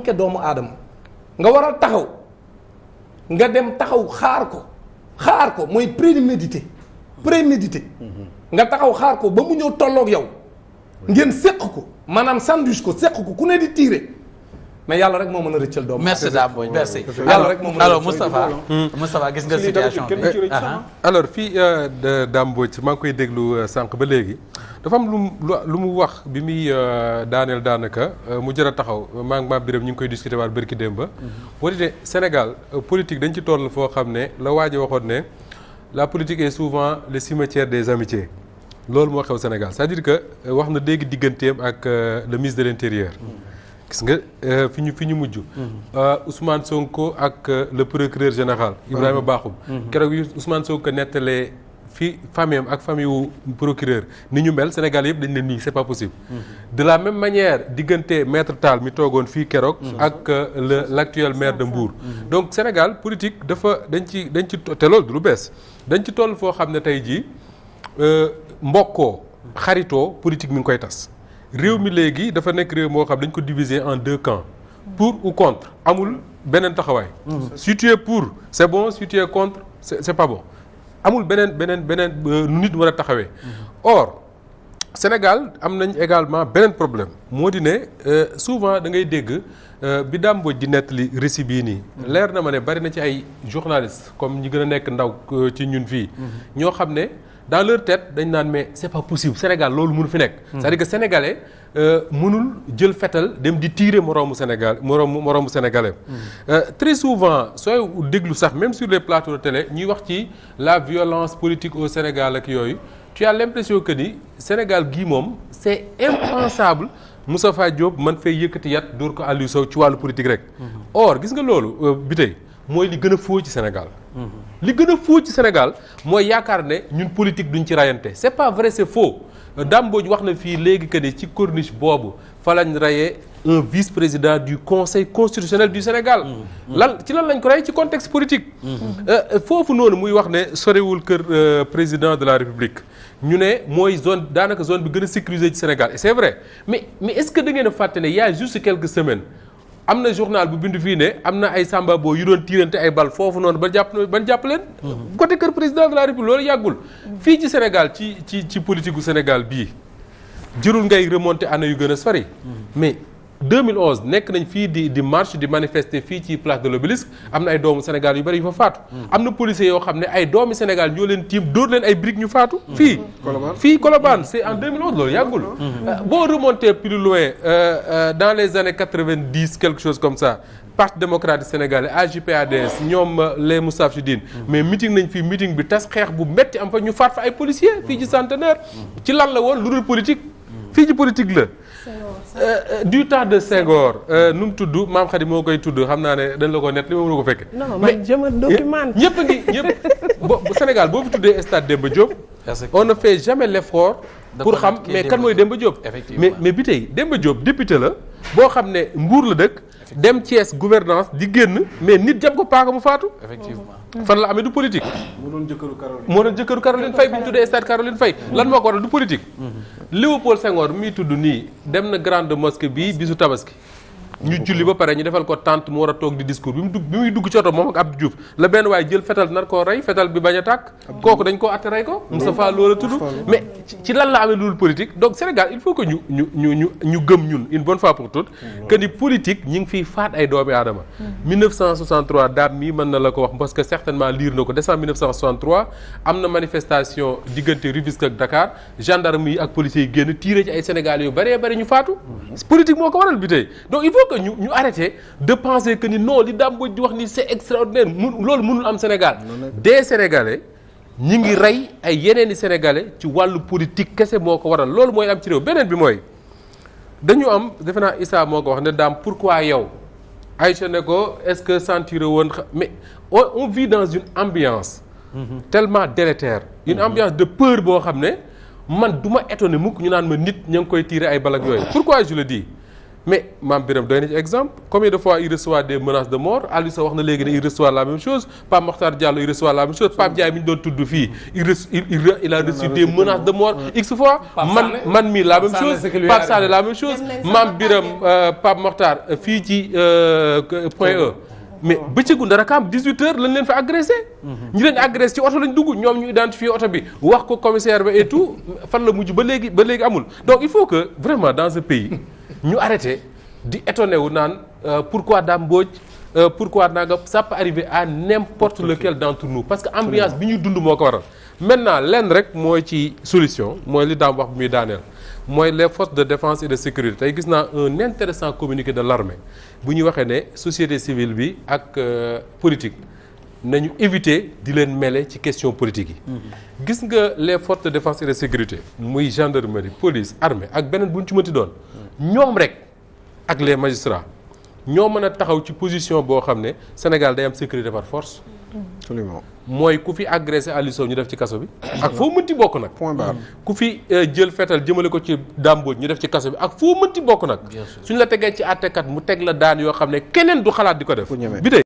ke doomu aadama nga war a taxaw nga dem taxaw xaar ko xaar ko mooy prémédité prémédité mhm. nga taxaw xaar ko ba mu ñëw tollook yow ngeen séq ko maanaam sandwich ko séq ko ku ne di tiire mais yàlla rek moo mën a rëccal doomu merci Dame Mbodj merci yàlla rek moo mën a alors Moustapha hmm. Moustapha gis nga situation ah, ah. alors fii euh, Dame Mbodj maa ngi koy déglu euh, sànq ba léegi dafa lu mu lu mu wax bi muy euh, daaneel daanaka euh, mu jër a taxaw maa ngi biram ñu ngi koy discuter waat bërki démb ba mhm. wari ne Sénégal euh, politique dañ ci toll foo xam ne la waa waxoon ne la politique est souvent le cimetière des amitiés loolu moo xew Sénégal c'est-à-dire que wax na dégg digganteem ak le ministre de l'intérieur mhm. gis nga fi ñu fi ñu mujj. Mhm. Ousmane Sonko ak le procureur général. Ibrahima Bakhoum. keroog yi Ousmane Sonko nettalee fi famille ak famille wu procureur ni ñu mel Sénégal yëpp dañ ne nii c'est pas possible. Mhm. de la même manière diggante maître Tall mi toogoon fii keroog. Mhm. ak euh, le l'actuel maire de Mbour. Mhm. donc Sénégal politique dafa dañ ci dañ ci te loolu du lu bees dañ ci toll foo xam ne tey jii euh, mbokkoo xaritoo politique mi ngi koy tas. réew mi léegi dafa nekk réew moo xam dañ ko diviser en deux camps. pour ou contre amul beneen taxawaay. si pour c'est bon si tu es contre c'est pas bon. amul beneen beneen beneen euh, nu nit war a taxawee. or Sénégal am nañ également beneen problème moo di ne euh, souvent da ngay dégg euh, bi Dame Mbodj di nettali récit bii nii. leer na ma ne bari na ci ay journalistes comme ñi gën a nekk ndaw ci ñun fii. Mhm. ñoo xam ne. dans leur tête dañ naan mais c'est pas possible Sénégal loolu mënu fi nekk. Hmm. c'est-à-dire que sénégalais euh, mënul jël fetal dem di tiire moroomu Sénégal moroomu moroomu sénégalais. Hmm. Euh, très souvent sooy déglu sax même sur les plateaux de télé ñuy wax ci la violence politique au Sénégal ak yooyu tu as l'impression ni Sénégal gii moom c'est impensable. Moustapha Diop man fay yëkkati yat dóor ko Aliou Sow ci wàllu politique rek. Hmm. or gis nga loolu euh, bi tey. mooy li gën a foo ci Sénégal. Mhm. li gën a foo ci Sénégal mooy yaakaar ne ñun politique duñ ci rayante c'est pas vrai c'est faux Dambodj wax na fii léegi que ni ci corniche boobu fa lañ rayee un vice-président du conseil constitutionnel du Sénégal. Mhm. Mhm. lan ci lan lañ ko rayee ci contexte politique. Euh, euh, foofu noonu muy wax ne sorewul kër euh, président de la République ñu ne mooy zone daanaka zone bi gën a sécurisée ci Sénégal et c'est vrai mais mais est-ce que da ngeen a a juste quelques semaines. am na journal bu bindu fii ne am na ay samba boo yu doon tiirante ay bal foofu noonu ba jàpp ban jàpp leen. Mhm. côté kër président de la république loolu yàggul. fii ci Sénégal ci ci ci politique gu Sénégal bii jërul ngay remonter année yu gën a sori. Mhm. mais 2011 nekk nañ fii di di marche di manifester fii ci place de l'obélisque am na ay doomu Sénégal yu bëri yu fa faatu hmm. am na policiers yoo xam ne ay doomi Sénégal yoo leen tiim dóor leen ay briques ñu faatu hmm. fii fii Colobane c'est en 2011 loolu yàggul hmm. Euh, boo remonté plus loin euh, euh, dans les années 90 quelque chose comme ça parti démocratique sénégalais AJPADS ñoom les Moustapha din mais meeting nañ fii meeting bi tas xeex bu metti am fa ñu faat fa ay policiers fii ci centenaire ci lan la woon lu fii ci politique la Euh, euh, du temps de Senghor euh, nu mu tudd maam Khady moo koy tudd xam naa ne dañ la ko net li ma mën ko fekkee. non man je me ñëpp a ngi ñëpp bo Sénégal boo fi tuddee stade Demba Diop. on ne fait jamais l'effort pour xam mais kan mooy Demba Diop. mais mais bi tey Demba Diop député la boo xam ne Mbour la dëkk. dem Thiès gouvernance di génn mais nit jam ko paaka mu faatu. Mmh. fan la amee du politique. moo doon jëkkëru Caroline moo jëkkëru Caroline Faye bi ñu tuddee stade Caroline Faye mmh. lan moo ko waral du politique. Mmh. Léopold Senghor mi tudd nii dem na grande mosquée bii bisu tabaski. ñu julli ba pare ñu defal ko tente mu war a toog di discours bi mu dugg bi muy dugg ci oto moom ak Abdou Diouf la benn waaye jël fetal nar koo rey fetal bi bañ a tàkk kooku dañ koo atte rey ko Moustapha Lo la tudd mais ci lan la amee loolu politique donc Sénégal il faut que ñu ñu ñu ñu ñu gëm ñun une bonne fois pour toutes que ni politique ñi ngi fiy faat ay doomi aadama 1963 mm-hmm. daam mii na la ko wax parce que certainement liir na ko décembre 1963 am na manifestation diggante Rufisque ak Dakar gendarme yi ak yu bëree bëri ñu faatu mm-hmm. politique que ñu ñu arrêté de penser que ni non li Dame Mbodj di wax ni c'est extraordinaire mun loolu mënul am Sénégal des Sénégalais ñi ngi rey ay yeneen i Sénégalais ci wàllu politique kese moo ko waral loolu mooy am ci réew beneen bi mooy dañu am defe naa Issa moo ko wax ne Dame pourquoi yow Aïcha ne ko est-ce que sentir woon mais on vit dans une ambiance mm-hmm. tellement délétère une mm-hmm. ambiance de peur boo xam ne man du ma mukk ñu naan ma nit ña ngi koy tiire ay balak yooyu pourquoi je le dis mais Mame Birame doy na ci exemple comme de fois il reçoit des menaces de mort Aliou Sow wax na léegi ne il reçoit la même chose Pape Makhtar Diallo il reçoit la même chose Pape Ndiaye mi ñu doon tudd fii il reçu il a reçu des menaces de mort x fois. man mi la même chose Pape Sané la même chose Mame Birame euh, Pape Makhtar euh, fii ci euh, point E. mais bëccëgu ndara kaam 18h lañ leen fa agressé. Mhm. ñi leen agressé ci oto lañ dugg ñoom ñu identifié oto bi wax ko commissaire ba et la mujj ba léegi ba léegi amul donc il faut que vraiment dans ce ñu arrêté di étonné wu naan euh, pourquoi Dame Mbodj euh, pourquoi nanga ça peut arriver à n'importe lequel d'entre nous parce que ambiance bi ñuy dund moo ko waral maintenant lenn rek mooy ci solution mooy li daam wax bi muy daaneel mooy les forces de défense et de sécurité tey gis naa un intéressant communiqué de l'armée bu ñu waxee ne société civile bi ak euh, politique nañu éviter di leen mêler ci question politique yi mm-hmm. gis nga les forces de défense et de sécurité muy gendarmerie police armée ak beneen bu ñu ci mënti doon ñoom rek ak les magistrats ñoo mën a taxaw ci position boo xam ne Sénégal day am sécurité par force. absolument mooy ku fi agressé Aliou Sow ñu def ci kaso bi. ak foo mënti bokk nag. point ku fi euh, jël fetal jëmale ko ci dàmbooj ñu def ci kaso bi ak foo mënti bokk nag. suñ la tegee ci àttekat mu teg la daan yoo xam ne keneen du xalaat di ko def. bi